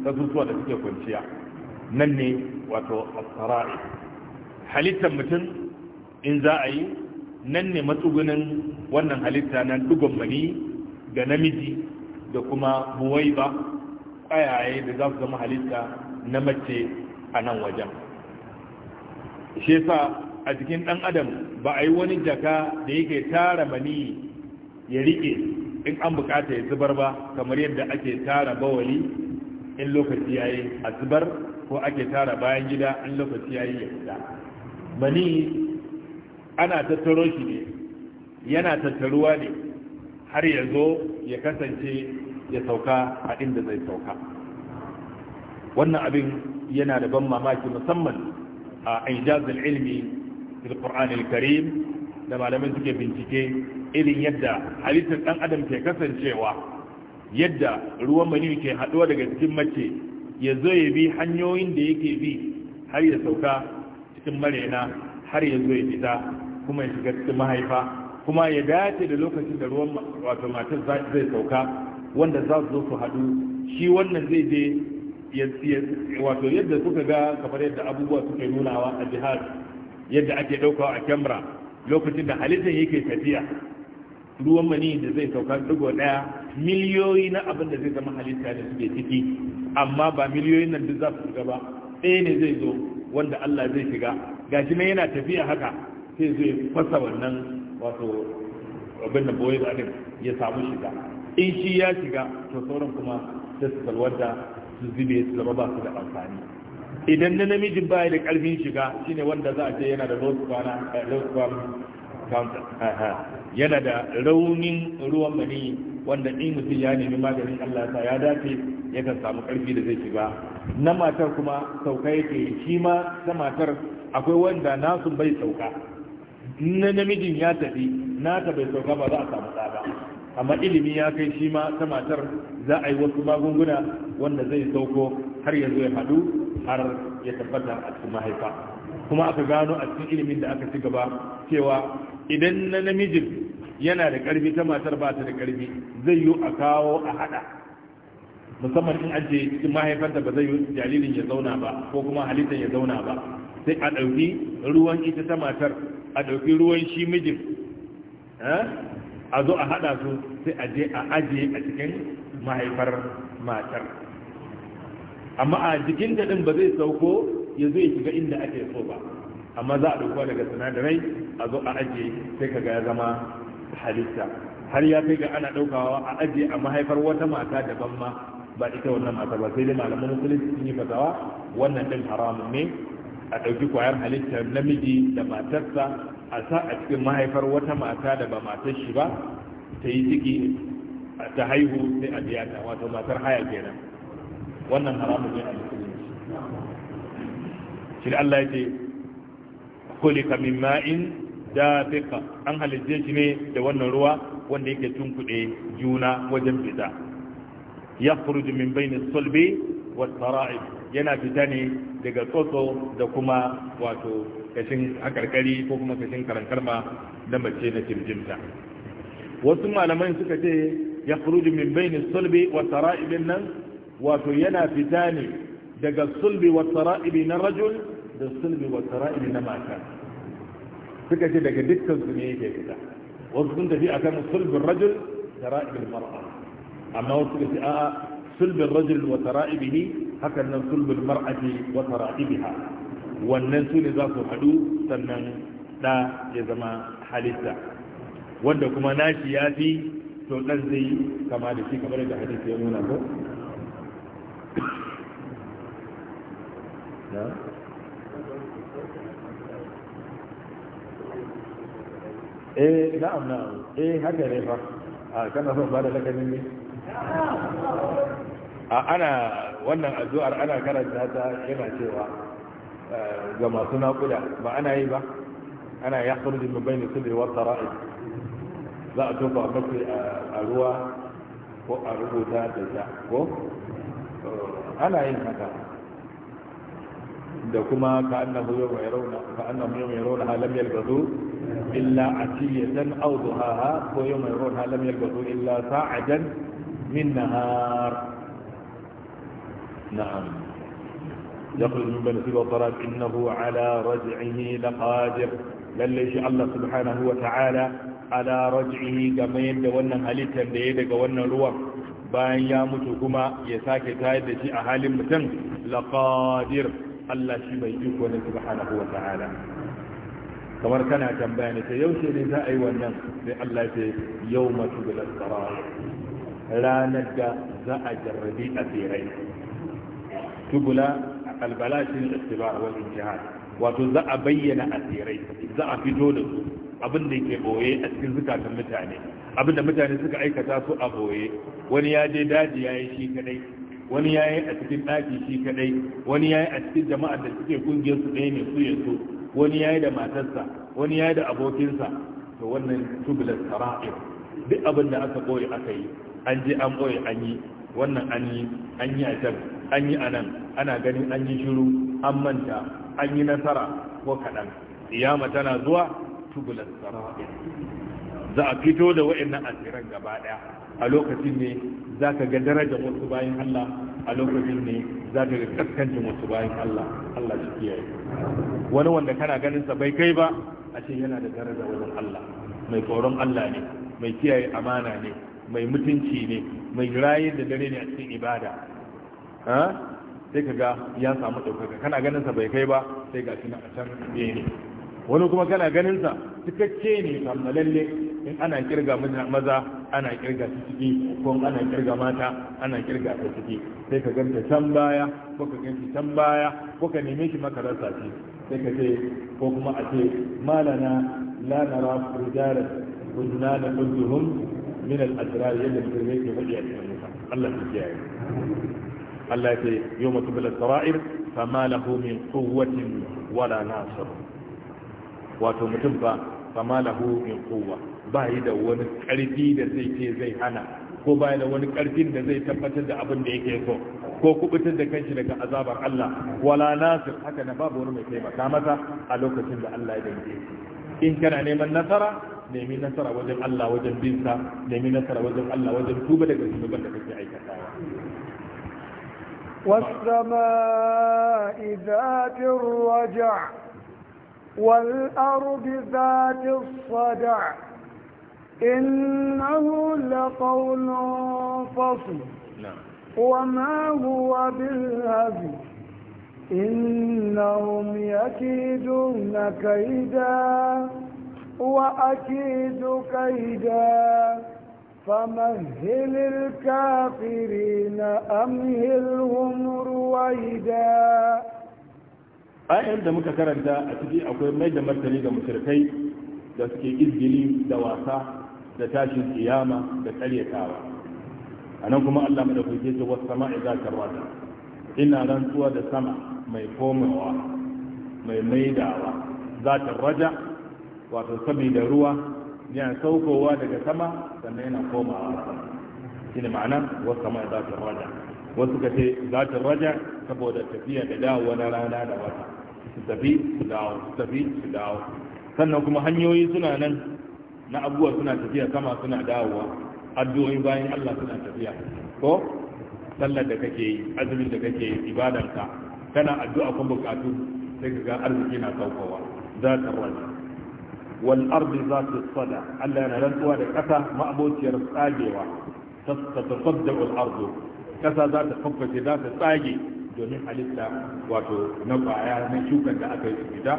kasusuwa da suke kwanciya nan ne wato asara'i halittar mutum in za a yi nan ne matsugunin wannan halitta na dugon mani da namiji da kuma buwai ba ƙwayaye da za su zama halitta na mace a nan wajen shi yasa a jikin ɗan adam ba a yi wani jaka da yake tara mani ya riƙe in an bukata ya zubar ba kamar yadda ake tara bawali in lokaci yayi a zubar ko ake tara bayan gida in lokaci yayi ya fita Bani ana tattaro shi ne yana tattaruwa ne har ya zo ya kasance ya sauka a inda zai sauka wannan abin yana da ban mamaki musamman a injazul ilmi fil qur'anil karim da malamin suke bincike irin yadda halittar ɗan adam ke kasancewa yadda ruwan manil ke haɗuwa daga cikin mace ya zo ya bi hanyoyin da yake bi har ya sauka cikin marena har ya zo ya fita kuma ya shiga cikin mahaifa kuma ya dace da lokacin da ruwan wato matar zai sauka wanda za su zo su haɗu shi wannan zai je wato yadda suka ga kamar yadda abubuwa suke nunawa a jihar yadda ake ɗaukawa a kyamra lokacin da halittar yake tafiya ruwan mani da zai sauka digo daya miliyoyi na abin da zai zama halitta da suke ciki amma ba miliyoyin nan duk za su shiga ba ɗaya ne zai zo wanda Allah zai shiga gashi nan yana tafiya haka sai zai fasa wannan wato abin da boye da ya samu shiga in shi ya shiga to sauran kuma sai su da su zube su zama ba su da amfani idan na namijin baya da karfin shiga shine wanda za a ce yana da low kwana eh, counter yana da raunin ruwan mani wanda in mutum ya nemi maganin Allah sa ya dace kan samu karfi da zai shiga na matar kuma sauka yake shi ma ta matar akwai wanda nasu bai sauka na namijin ya tafi nata bai sauka ba za a samu tsada amma ilimi ya kai shi ma ta matar za a yi wasu magunguna wanda zai sauko har yanzu ya haɗu har ya tabbata a cikin mahaifa kuma aka gano a cikin ilimin da aka ci gaba cewa idan na namijin yana da ƙarfi ta matar ba ta da ƙarfi, zai yi a kawo a hada musamman in ajiye cikin mahaifarta ba zai yi jaririn ya zauna ba ko kuma halittar ya zauna ba sai a ɗauki ruwan ita ta matar a ɗauki ruwan shi mijin eh, a zo a hada su sai a je a ajiye a cikin mahaifar matar amma a jikin ɗin ba zai sauko ya zo ya shiga inda ake so ba amma za a ɗauka daga sinadarai a zo a ajiye sai kaga ya zama halitta har ya kai ga ana ɗaukawa a ajiye a mahaifar wata mata daban ma ba ita wannan mata ba sai dai malaman musulunci sun yi fasawa wannan ɗin haramun ne a ɗauki kwayar halittar namiji da matarsa a sa a cikin mahaifar wata mata da ba matar shi ba ta yi ciki ta haihu sai a biya ta wato matar haya kenan wannan haramun ne a musulunci shi Allah ya ce kulika min ma'in dafiqa an halitta shi ne da wannan ruwa wanda yake tunkuɗe juna wajen fita ya furuji min bainin sulbi wa sara'ib yana fita ne daga tsotso da kuma wato kashin hakarkari ko kuma kashin karankarma na mace na cirjinta wasu malamai suka ce ya furuji min bainin sulbi wa sara'ibin nan wato yana fita ne daga sulbi wa sara'ibi na rajul da sulbi wa sara'ibi na mata suka ce daga dukkan su ne yake fita wasu sun tafi akan sulbin rajul da tara'ibul mar'a amma wasu suka ce a'a sulbin rajul wa tara'ibihi hakan nan sulbin mar'ati wa tara'ibiha wannan su ne za su haɗu sannan da ya zama halitta wanda kuma nashi ya fi to dan zai kama da shi kamar da hadisi ya nuna ko eh na'am na'am eh haka ne fa a kana son ba da lakanin ne a ana wannan addu'ar ana karanta ta yana cewa eh, ga masu naƙuda ba ana yi ba ana ya kurji min bayni sirri wa sara'i za a tofa a mafi a ruwa ko a rubuta da ta ko eh, ana yin haka da kuma ka annahu yau mai rauna ka annahu yau mai illa atiyatan aw duhaha ko yawma yuruha lam yalbathu illa sa'adan min nahar na'am yaqul min bani sibatara innahu ala raj'ihi laqadir lalle shi Allah subhanahu wa ta'ala ala raj'ihi kama yadda wannan halittar da ya daga wannan ruwa bayan ya mutu kuma ya sake tayar da a halin mutum laqadir Allah shi bai iko ne subhanahu wa ta'ala kamar kana tambaya ne sai yaushe ne za a yi wannan sai Allah ya ce yau matu da ranar da za a jarrabi a tsirai tubula albala shi ne istibar wal intihar wato za a bayyana a tsirai za a fito da su abin da ke boye a cikin zukatan mutane abin da mutane suka aikata su a boye wani ya je daji ya yi shi kadai wani ya yi a cikin ɗaki shi kadai wani ya yi a cikin jama'ar da suke kungiyar su ɗaya ne su ya so wani yayi da matarsa wani yayi da abokinsa to wannan tubular sara'ir duk abin da aka koyi aka yi an je an koyi an yi wannan an yi an yi a can an yi a nan ana ganin an yi shiru an manta an yi nasara ko kaɗan iyama tana zuwa tubular sara'ir za a fito da wa'annan asirin gaba ɗaya a lokacin ne za ka ga darajar wasu bayan Allah a lokacin ne za ka ga kaskanci wasu bayan Allah Allah shi kiyaye wani wanda kana ganin sa bai kai ba a ce yana da daraja wajen Allah mai tsoron Allah ne mai kiyaye amana ne mai mutunci ne mai rayar da dare ne a cikin ibada sai ka ga ya samu ɗaukaka kana ganin sa bai kai ba sai ga shi na a can ne wani kuma kana ganin sa cikakke ne kammalalle in ana kirga maza ana kirga su ciki ko ana kirga mata ana kirga su ciki sai ka ganta can baya ko ka ganta can baya ko ka neme shi maka rasa shi sai ka ce ko kuma a ce malana la nara rijalan kunna na kulluhum min al asrar yadda mutum yake faɗi a cikin Allah ya kiyaye Allah ya ce yawma bala sarair fama lahu min quwwatin wala nasr wato mutum ba fama lahu min quwwa ba yi da wani ƙarfi da zai ce zai hana ko ba da wani ƙarfin da zai tabbatar da abin da yake so ko kubutar da kanshi daga azabar Allah wala nasir haka na babu wani mai taimaka masa a lokacin da Allah ya dange in kana neman nasara nemi nasara wajen Allah wajen binsa nemi nasara wajen Allah wajen tuba daga zunuban da kake aikatawa والسماء ذات الرجع والأرض ذات الصدع إنه لقول فصل وما هو بالهدي إنهم يكيدون كيدا وأكيد كيدا فمهل الكافرين أمهلهم رويدا ayan da muka karanta a ciki akwai mai da martani ga mushrikai da suke izgili da wasa da tashin kiyama da karyatawa a nan kuma allah madaukake ce wasu sama zata tarwata ina rantsuwa da sama mai komawa mai maidawa za ta raja wato saboda ruwa yana saukowa daga sama sannan yana komawa shi ne ma'ana wasu sama zata tarwata wasu ka ce za ta raja saboda tafiya da dawowa na rana da wata su tafi su dawo su tafi su dawo sannan kuma hanyoyi suna nan na abubuwa suna tafiya sama suna dawowa addu'o'in bayan Allah suna tafiya ko sallar da kake yi azumin da kake yi ibadanka kana addu'a kun bukatu sai ka ga arziki na saukowa za ta rana wal ardi za ta sada Allah yana rantsuwa da ƙasa ma'abociyar tsagewa ta tasadda wal ardu ƙasa za ta fafface za ta tsage domin halitta wato na kwaya na shukan da aka yi fita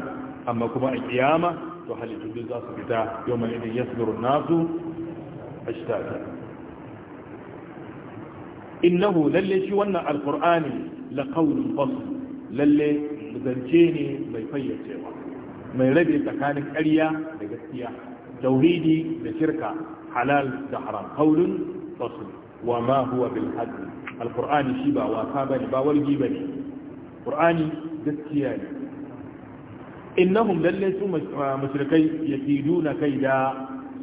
amma kuma a kiyama to halittu duk za su fita yau mai idin yasbiru nasu ashtaka innahu lalle shi wannan alqur'ani la qawlun fasl lalle zance ne mai fayyacewa mai rabe tsakanin ƙarya da gaskiya tauhidi da shirka halal da haram qawlun fasl wa ma huwa bil hadd alqur'ani shi ba wasa bane ba wargi bane qur'ani gaskiya ne innahum lalle su ah, mushrikai yakiduna kaida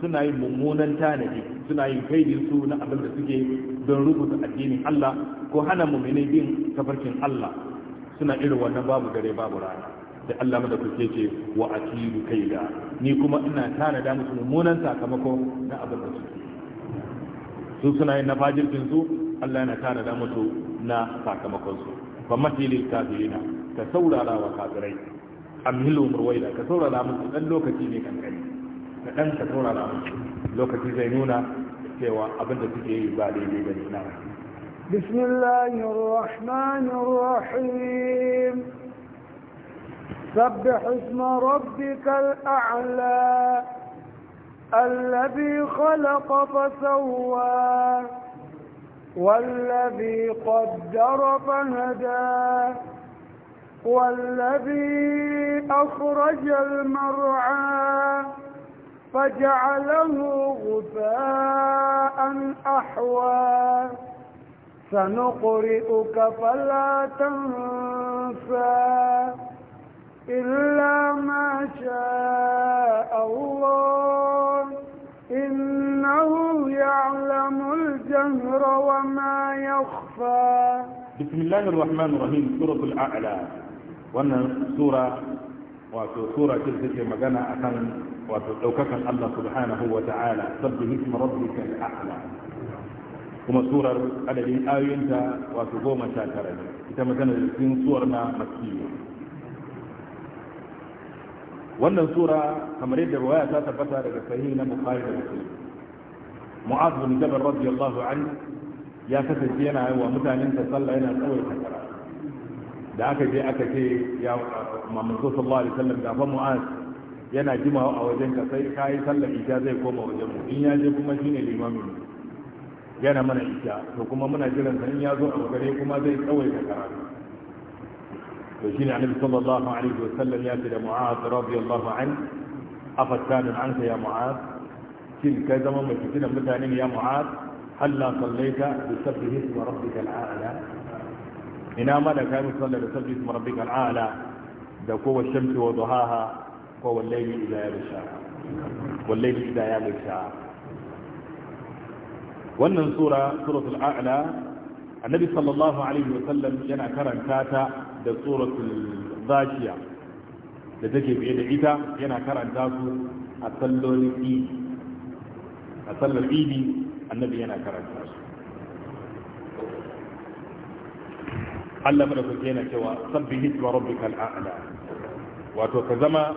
suna yin mummunan tanadi suna yin kaidin su na abin da suke don rubuta addinin Allah ko hana mu'minai bin tafarkin Allah suna irin wannan babu dare babu rana da Allah mada kuke ce wa akidu kaida ni kuma ina tanada musu mummunan sakamako na abin da suke su suna yin na fajirkin su Allah yana tanada musu na sakamakon su fa matilil kafirina ta saurara wa kafirai amhilu murwaida ka saurara mun dan lokaci ne kankani ka dan ka saurara mun lokaci zai nuna cewa abin da suke yi ba daidai ba ne na بسم الله الرحمن الرحيم سبح اسم ربك الأعلى الذي خلق فسوى والذي قدر فهدى والذي أخرج المرعى فجعله غثاء أحوى سنقرئك فلا تنسى إلا ما شاء الله إنه يعلم الجهر وما يخفى بسم الله الرحمن الرحيم سورة الأعلى wannan sura wato sura ce take magana akan wato daukakan Allah subhanahu wa ta'ala sabbi hisma rabbika al kuma surar adadin ayoyinta wato goma sha tara ne ita magana cikin suwar na makiyya wannan sura kamar yadda riwaya ta tabbata daga sahih na bukhari da muslim mu'adh bin jabal radiyallahu anhu ya kasance yana yi wa mutanen sa sallah yana tsawaita kara da aka je aka ce ya manzo sallallahu alaihi wasallam da fa mu'az yana jima a wajen ka sai kai sallar isha zai koma wajen mu in ya je kuma shine limami yana mana isha to kuma muna jiran sa in ya zo a gare kuma zai tsawai tsawaita karatu to shine annabi sallallahu alaihi wasallam ya ce da mu'az radiyallahu an afattan anka ya mu'az kin kai zama mai fitinan mutanen ya mu'az halla sallaita bi sabbihi wa rabbika al'ala ina ma da kayan sallar da sabbi su marabbik al'ala da kowa shamsi wa duhaha ko wallahi idza ya bisha wallahi idza ya bisha wannan sura suratul a'la annabi sallallahu alaihi wa sallam yana karanta ta da suratul zakiya da take biye da ita yana karanta su a sallolin idi a sallar idi annabi yana karanta su Allah kuke yana cewa sabbihi isma rabbikal a'la wato ka zama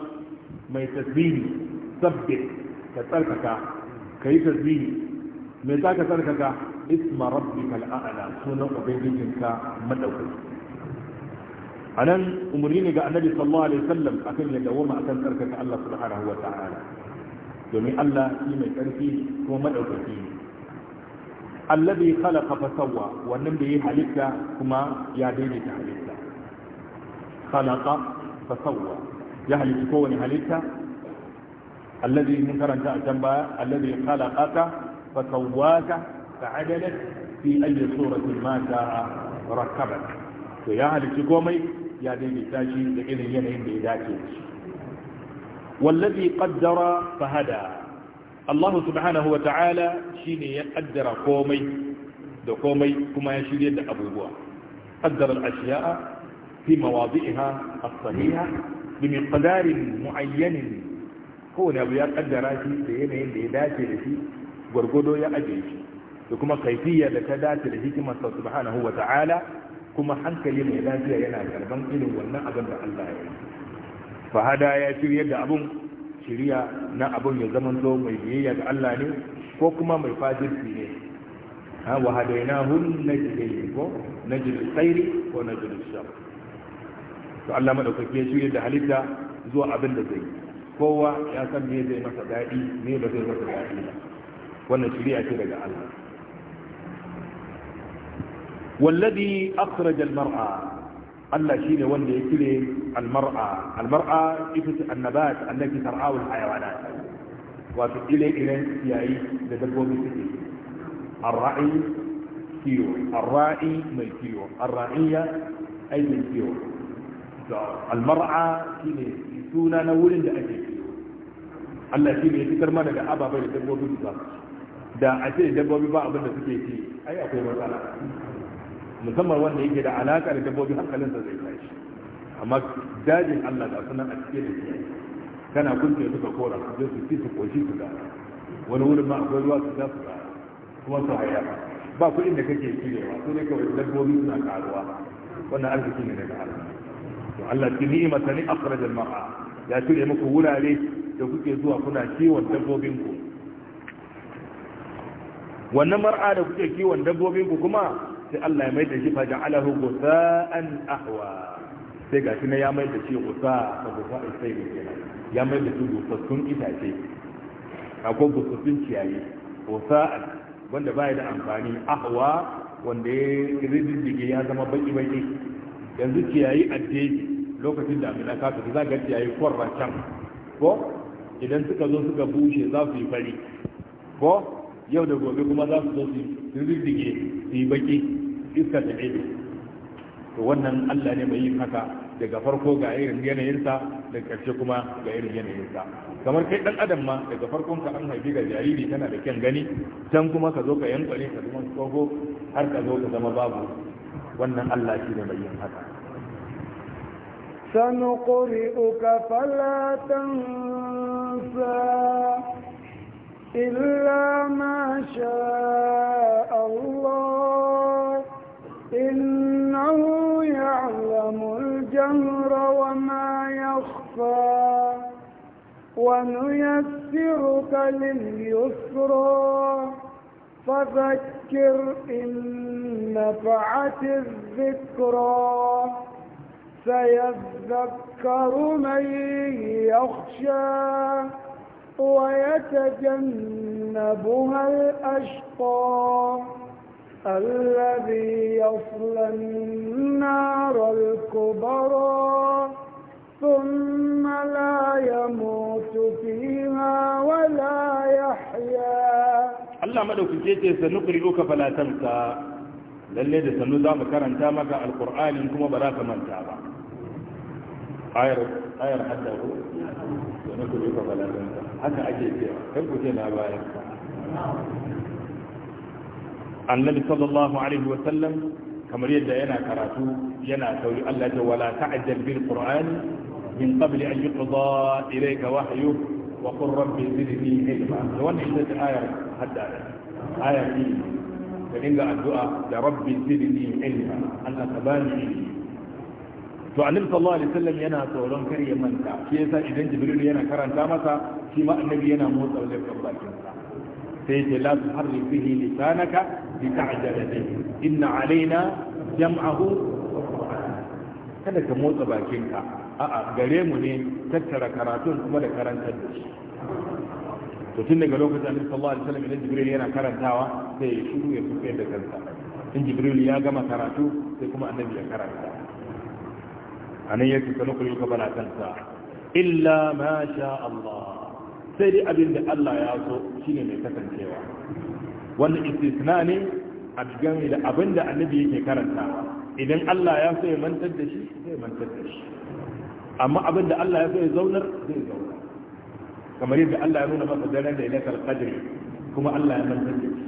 mai tasbihi sabbi ka tsarkaka kai tasbihi me za ka tsarkaka isma rabbikal a'la sunan ubangijinka madaukake anan umarni ne ga annabi sallallahu alaihi wasallam akan ya dawoma akan tsarkaka Allah subhanahu wa ta'ala domin Allah shi mai tsarki kuma madaukaki ne allabi khalaqa fasawa sawwa wannan da yi halitta kuma ya daidaita halitta khalaqa fasawa ya halitta kowane halitta allabi mun karanta a can baya allabi khalaqaka fa sawwaka fa adalat fi ayi suratin ma sha'a rakabak to ya halitta komai ya daidaita shi da irin yanayin da ya dace da shi wallazi qaddara fa hada Allah subhanahu wa ta'ala shine ya kaddara komai da komai kuma ya shirya da abubuwa qaddara al fi mawadi'iha a sahiha bi ƙadarin mu'ayyanin kowane abu ya kaddara shi da yanayin da ya dace da shi gwargwado ya ajiye shi da kuma kaifiyya da ta dace da hikimarsa subhanahu wa ta'ala kuma hankali mai lafiya yana karban irin wannan abin da Allah ya yi fa hada ya shirya da abun shiriya na abun ya zama zo mai biyayya ga Allah ne ko kuma mai fajirci ne ha wa hadainahum najdayn ko najdul khairi ko najdul shar to Allah madaukake shi da halitta zuwa abin da zai kowa ya san me zai masa dadi me ba zai masa dadi ba wannan shiriya ce daga Allah والذي أخرج المرأة Allah shi ne wanda ya cire almar'a almar'a ita ce annabat allati tar'awu alhayawanat wato ile iren ciyayi da dabbobi suke arra'i kiyo arra'i mai kiyo arra'iya ai mai kiyo almar'a shine suna na wurin da ake kiyo Allah shi ne ya fitar mana da ababai da dabbobi ba da a ce dabbobi ba abin da suke ci ai akwai matsala musamman wanda yake da alaka da dabbobi hankalinsa zai tashi amma dajin Allah ga sunan a cikin da ke kana kunce su ka kora su su ci su koshi su da wani wurin ma akwai ruwa su za su da kuma su haya ba kuɗin da kake cirewa su ne kawai dabbobi suna karuwa wannan arziki ne daga Allah to Allah ki ni'ima tani akhrajal ma'a ya cire muku wurare da kuke zuwa kuna kiwon dabbobin ku wannan mar'a da kuke kiwon dabbobin ku kuma sai Allah ya maida shi faja'alahu gusa'an ahwa sai ga shi ne ya maida shi gusa fa gusa sai ne ya maida shi gusassun itace akwai gusassun ciyayi gusa wanda baya da amfani ahwa wanda ya rididdige ya zama baki baki yanzu ciyayi addeji lokacin damina ka tafi za ga ciyayi kwarra can ko idan suka zo suka bushe za su yi fari ko yau da gobe kuma za su zo su riddige su yi baki iska ta ce to wannan allah ne mai yin haka daga farko ga irin yanayinsa da ƙarshe kuma ga irin yanayinsa kamar kai ɗan adam ma daga farkon ka an haifi ga jariri tana da kyan gani can kuma ka zo ka yankwale ka zama tsoho har ka zo ka zama babu wannan allah shi ne mai yin haka سنقرئك falatan sa illa ma sha Allah. إنه يعلم الجهر وما يخفى ونيسرك لليسرى فذكر إن نفعت الذكرى سيذكر من يخشى ويتجنبها الأشقى الذي يصلى النار الكبرى ثم لا يموت فيها ولا يحيا الله مدوك جيتي سنقرئك فلا تنسى للي دي سنوزا مكرن تامك القرآن انكم براك من تابا آير آير حده سنقرئك فلا تنسى حتى أجيتي حبتنا بايك annabi sallallahu alaihi wa sallam kamar yadda yana karatu yana sauri Allah ta wala ta'ajjal bil qur'ani min qabli an yuqda ilayka wahyu wa qur rabbi zidni ilma da wannan ita ce ayar hadda aya ce ka dinga addu'a da rabbi zidni ilma Allah ka bani ilmi to annabi sallallahu alaihi wasallam yana tsoron kar ya manta shi yasa idan jibril yana karanta masa shi ma annabi yana motsa wajen bakin sa sai ce la tuharrik bihi lisanaka bi ta'jala bihi inna alaina jam'ahu kada ka motsa bakinka a'a gare mu ne tattara karatun kuma da karanta da shi to tun daga lokacin annabi sallallahu alaihi wasallam idan jibril yana karantawa sai ya shiru ya fuskar da kansa in jibril ya gama karatu sai kuma annabi ya karanta anan yake sanuku yuka balatan sa illa ma sha Allah sai dai abin da Allah ya so shine mai kasancewa wannan istisna ne a game da abin da annabi yake karanta, idan Allah ya so ya mantar da shi zai mantar da shi amma abin da Allah ya so ya zaunar zai zauna kamar yadda Allah ya nuna masa daren da ilakal qadri kuma Allah ya mantar da shi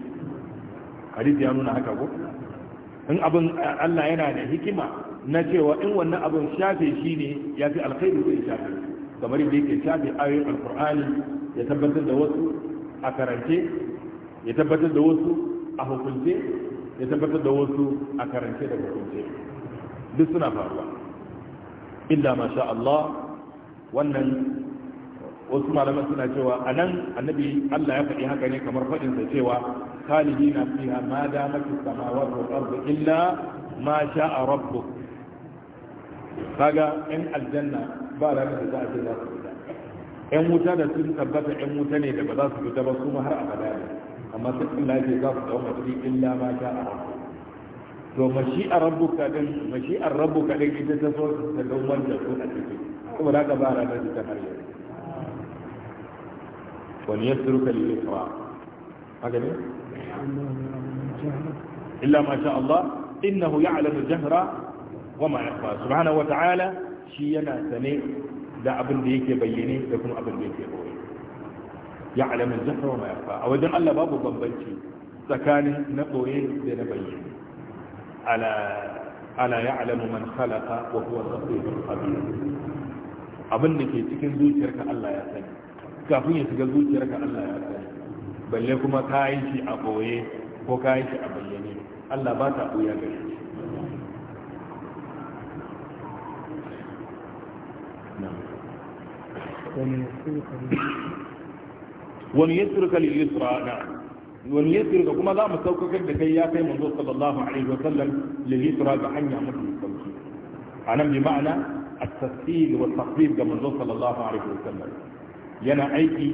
hadisi ya nuna haka ko in abin Allah yana da hikima na cewa in wannan abin shafe shi ne ya fi alkhairu zai shafe kamar yadda yake shafe ayoyin alkur'ani ya tabbatar da wasu a karance ya tabbatar da wasu a hukunce ya tabbatar da wasu a karance da hukunce duk suna faruwa inda masha Allah wannan wasu malaman suna cewa a nan annabi Allah ya faɗi haka ne kamar faɗin sa cewa kalibi na fiha ma da maki samawa ko ardi illa ma sha a rabbu. kaga in aljanna ba ranar da za a ce za su yan wuta da sun tabbata yan wuta ne da ba za su fita ba su har abada ne amma duk Allah ya ce za su dawo masu illa ma sha a rabu to mashi'ar rabbuka din mashi'ar rabbuka din ita ta so ta dawo da su a ciki kuma da ka ba ranar da ta har yau wani ya turuka lil isra haka ne illa ma sha Allah innahu ya'lamu jahra wa ma yakhfa subhanahu wa ta'ala shi yana sane da abin da yake bayyane da kuma abin da yake boye ya alamin zahra wa yafa a wajen Allah babu bambanci tsakanin na boye da na bayyane ala ala ya alamu man khalaqa wa huwa sadiqul khabir abin da ke cikin zuciyarka Allah ya sani kafin ya shiga zuciyarka Allah ya sani balle kuma ka yi shi a boye ko ka yi shi a bayyane Allah ba ta ɓuya gare shi wani yasiruka lil yusra na wani yasiruka kuma za mu saukakar da kai ya kai manzo sallallahu alaihi wa sallam lil yusra ga hanya mafi sauki anan bi ma'ana at-tasfil wa taqrib ga manzo sallallahu alaihi wa sallam yana aiki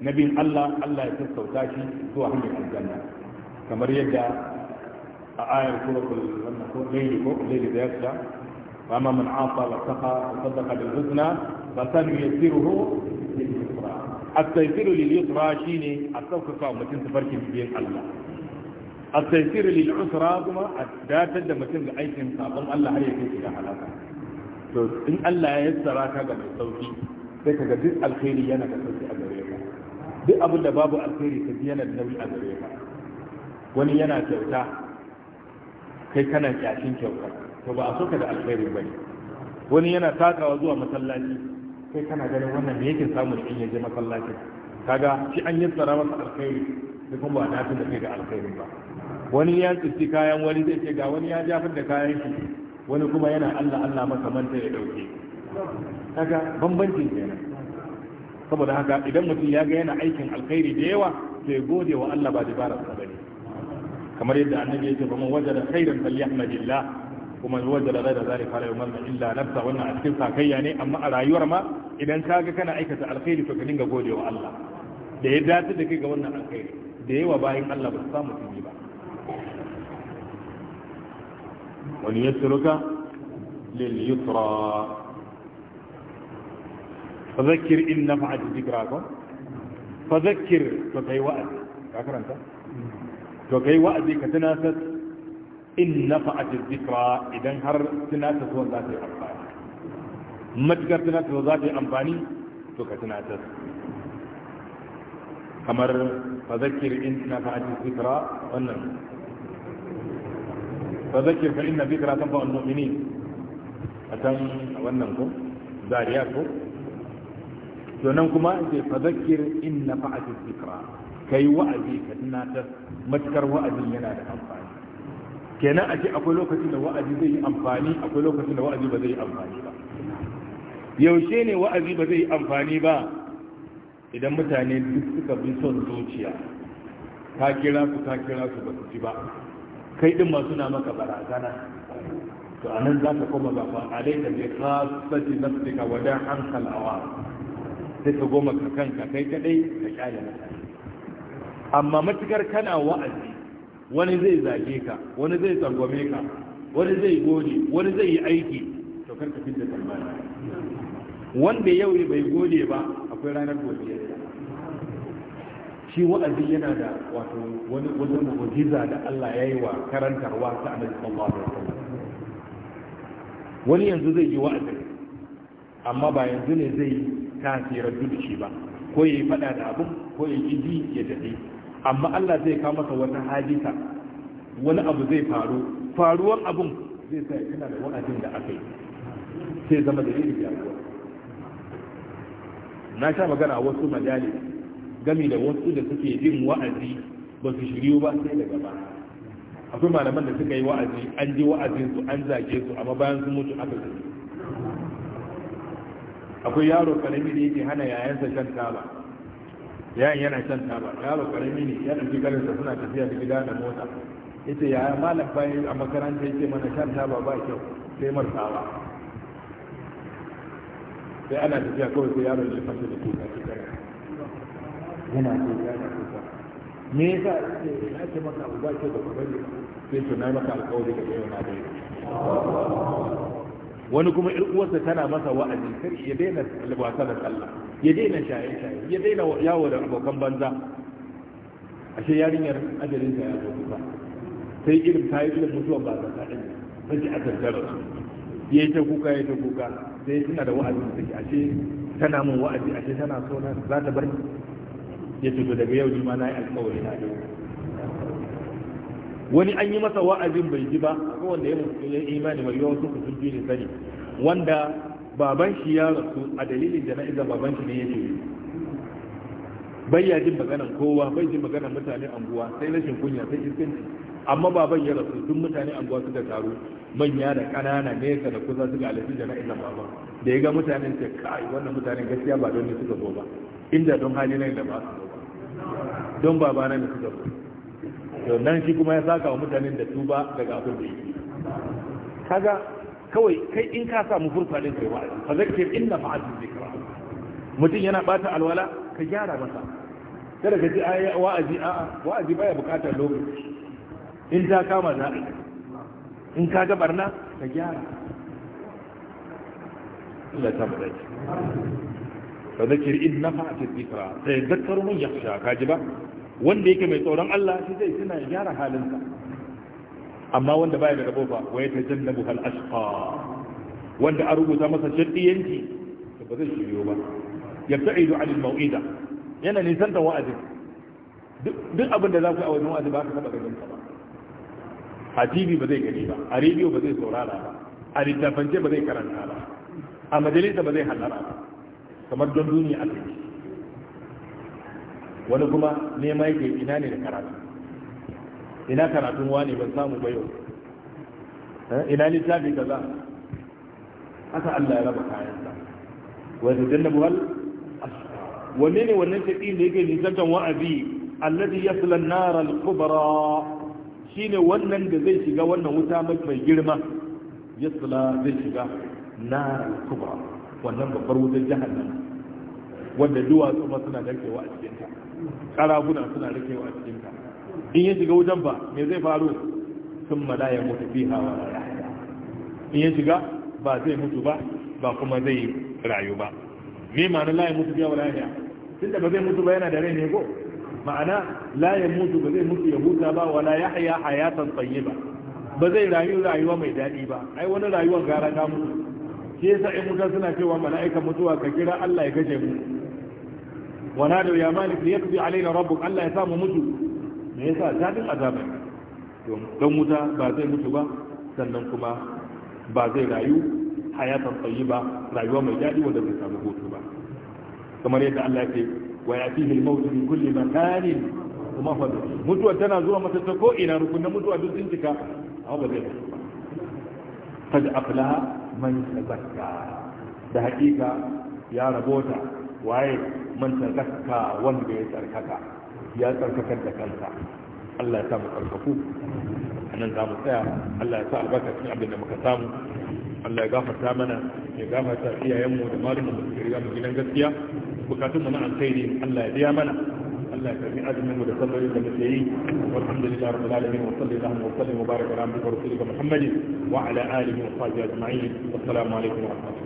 na bin Allah Allah ya sassauta shi zuwa hanyar aljanna kamar yadda a ayar suratul wannan ko laili ko laili da yasra wa amma man asa wa taqa wa sadaqa bil husna فسنيسره لليسرى التيسير لليسرى شيني السوكفة ومتن تفركي بين الله التيسير للعسرى كما داتد متن بأيكم سابم الله هل يكون إلى حلاقة إن الله يسرى كما السوكي sai ka ga duk alkhairi yana da sauki a gare ka duk abin da babu alkhairi ka ji yana da nauyi a gare wani yana kyauta kai kana kyashin kyauta to ba a so ka da alkhairi bane wani yana takawa zuwa masallaci kai kana ganin wannan me yake samu shi ya je masallaci kaga shi an yi tsara masa alkhairi da kuma ba dafin da kai ga alkhairi ba wani ya tsitsi kayan wani zai ce ga wani ya jafar da kayan shi wani kuma yana Allah Allah masa manta ya dauke kaga bambancin kenan saboda haka idan mutum ya ga yana aikin alkhairi da yawa sai gode wa Allah ba dibara sa bane kamar yadda annabi yake ba mun wajada khairan yahmadillah kuma wajada ghayra zalika la yumanna illa nafsa wannan a cikin sakayya ne amma a rayuwar ma idan kaga kana aikata alkhairi to ka dinga godewa Allah da ya dace da kai ga wannan alkhairi da yawa bayan Allah ba su samu tuni ba wani ya yasiruka lil yusra fadhakkir in na nafa'at dhikra ko fadhakkir to kai wa'azi ka karanta to kai wa'azi ka tunasar in na nafa'at dhikra idan har tunasar wannan za ta yi amfani matuƙar tunatar za ta yi amfani to ka tunatar kamar fazakir in tuna ka ajin zikira wannan fazakir fa inna zikira kan fa'an nomini a can wannan ko zariya ko to nan kuma ce fazakir in na fa'atin zikra yi wa'azi ka tunatar matukar wa'azin yana da amfani kenan a ce akwai lokacin da wa'azi zai yi amfani akwai lokacin da wa'azi ba zai yi amfani ba yaushe ne wa'azi ba zai amfani ba idan mutane duk suka bi son zuciya ka kira su ka kira su ba su ji ba kai din ma suna maka barazana to anan za ka koma gaba alaika bi khassati nafsika wa da hankal awa sai ka goma ka kanka kai kadai ka kyale mutane amma matukar kana wa'azi wani zai zage ka wani zai tsangwame ka wani zai gode wani zai yi aiki to karka fitta tambaya wanda yau ne bai gode ba akwai ranar godiya shi wa'azi yana da wato wani wani mu'jiza da Allah ya yi wa karantarwa ta annabi sallallahu alaihi wasallam wani yanzu zai yi wa'azi amma ba yanzu ne zai tasirantu da shi ba ko ya yi fada da abin ko ya yi ya dade amma Allah zai kawo masa wata hadisa wani abu zai faru faruwar abin zai sa yana da wa'azin da aka yi sai zama da irin jaruwa na sha magana a wasu majali gami da wasu da suke jin wa'azi ba su shiryu ba sai daga ba akwai malaman da suka yi wa'azi an ji wa'azin su an zage su amma bayan sun mutu aka ji akwai yaro karami da yake hana yayansa shan taba yayan yana shan taba yaro karami ne ya ɗauki karinsa suna tafiya da gida da mota yace ya malam bayan a makaranta yake mana shan taba ba kyau sai marsawa sai ana tafiya kawai sai yaron ya fasa da kuka cikin yana kuka yana kuka me yasa ce na ce maka abu ba ce da kuma ne sai to na maka alƙawari da yau na dai wani kuma ir uwarsa tana masa wa'azi kar ya daina wasa da sallah ya daina shaye shaye ya daina yawo da abokan banza ashe yarinyar ta ya zo kusa sai irin ta yi irin mutuwan ba ta ta ɗin ba ji a tattara ya yi ta kuka ya yi ta kuka sai ina da wa'azi da take ashe tana min wa'azi ashe tana so na za ta bar ya to daga yau ma na yi alƙawari na yau wani an yi masa wa'azin bai ji ba akwai wanda ya mutu ya imani mai yawan su sun ji ne sani wanda baban shi ya rasu a dalilin da na iza baban shi ne ya ce bai ya jin maganan kowa bai ji maganan mutane anguwa sai rashin kunya sai iskanci amma baban ya rasu duk mutane anguwa suka taru manya da kanana ka da kusa suka alafi da na ina baban da ya ga mutanen ce kai wannan mutanen gaskiya ba don ne suka zo ba inda don hali na da ba su zo ba don baba na ne suka zo to nan shi kuma ya saka wa mutanen da tuba daga abin da yake kaga kawai kai in ka samu furfa din kai wa'azi fa zakkir inna fa'al zikra mutum yana bata alwala ka gyara masa kada ka ji wa'azi a'a wa'azi baya bukatar lokaci in ta kama za in ka gabar na ka gyara Allah ta bada ki fa zakir in nafa'at dhikra sai zakaru mun yakhsha kaji ba wanda yake mai tsoron Allah shi zai Suna ya gyara halinsa amma wanda baya da rabo ba wai ta jannabu hal ashqa wanda an rubuta masa shaddiyanci to ba zai shiryo ba yabta'idu 'anil mau'ida yana nisan da wa'azi duk abin da za ku yi a wajen wa'azi ba ka taba ganin ba a tv ba zai gani ba a rediyo ba zai saurara ba a littafance ba zai karanta ba a majalisa ba zai hallara ba kamar don duniya a kai wani kuma nema yake ina ne da karatu ina karatun wani ban samu ba yau eh, ina littafi kaza haka Allah ya raba kayansa wa tajannabu buhal? wanne ne wannan shaƙi da yake nisantan wa'azi alladhi yasla an-nar al-kubra shine wannan da zai shiga wannan wuta mai girma yasla zai shiga na kubra wannan babbar wutar jahannama wanda duwatsu ma suna dakewa a cikinta karabuna suna dakewa a cikinta in ya shiga wutan ba me zai faru sun mala ya mutu fi hawa in ya shiga ba zai mutu ba ba kuma zai rayu ba me na, la ya mutu fi hawa tunda ba zai mutu ba yana da rai ne ko ma'ana la ya mutu ba zai mutu ya huta ba wala ya haya hayatan tsaye ba ba zai rayu rayuwa mai daɗi ba ai wani rayuwar gara ta mutu shi yasa in mutan suna cewa mala'ika mutuwa ka kira Allah ya gaje mu wana da ya malik ya kubi alaina rabbuk Allah ya sa mu mutu me yasa dadin azaba don wuta ba zai mutu ba sannan kuma ba zai rayu hayatan tsaye ba rayuwa mai daɗi wanda zai samu hutu ba kamar yadda Allah ya ce wa yatihi al-maut min kulli kuma fa mutuwa tana zuwa mata ta ko ina rukunin mutuwa duk sun cika amma ba zai ba qad aflaha man tabakka da hakika ya rabota waye man tsarkaka wanda ya tsarkaka ya tsarkakar da kansa Allah ya samu tsarkaku a nan zamu tsaya Allah ya sa albarka cikin muka samu Allah ya gafarta mana ya gafarta iyayenmu da malumin gidan gaskiya bukatun mu na alkhairi Allah ya biya mana Allah ya karbi azumin mu da sallolin da muke yi walhamdulillahi rabbil alamin wa sallallahu wa sallam wa baraka ala muhammadin wa ala alihi wa sahbihi ajma'in assalamu alaikum wa rahmatullahi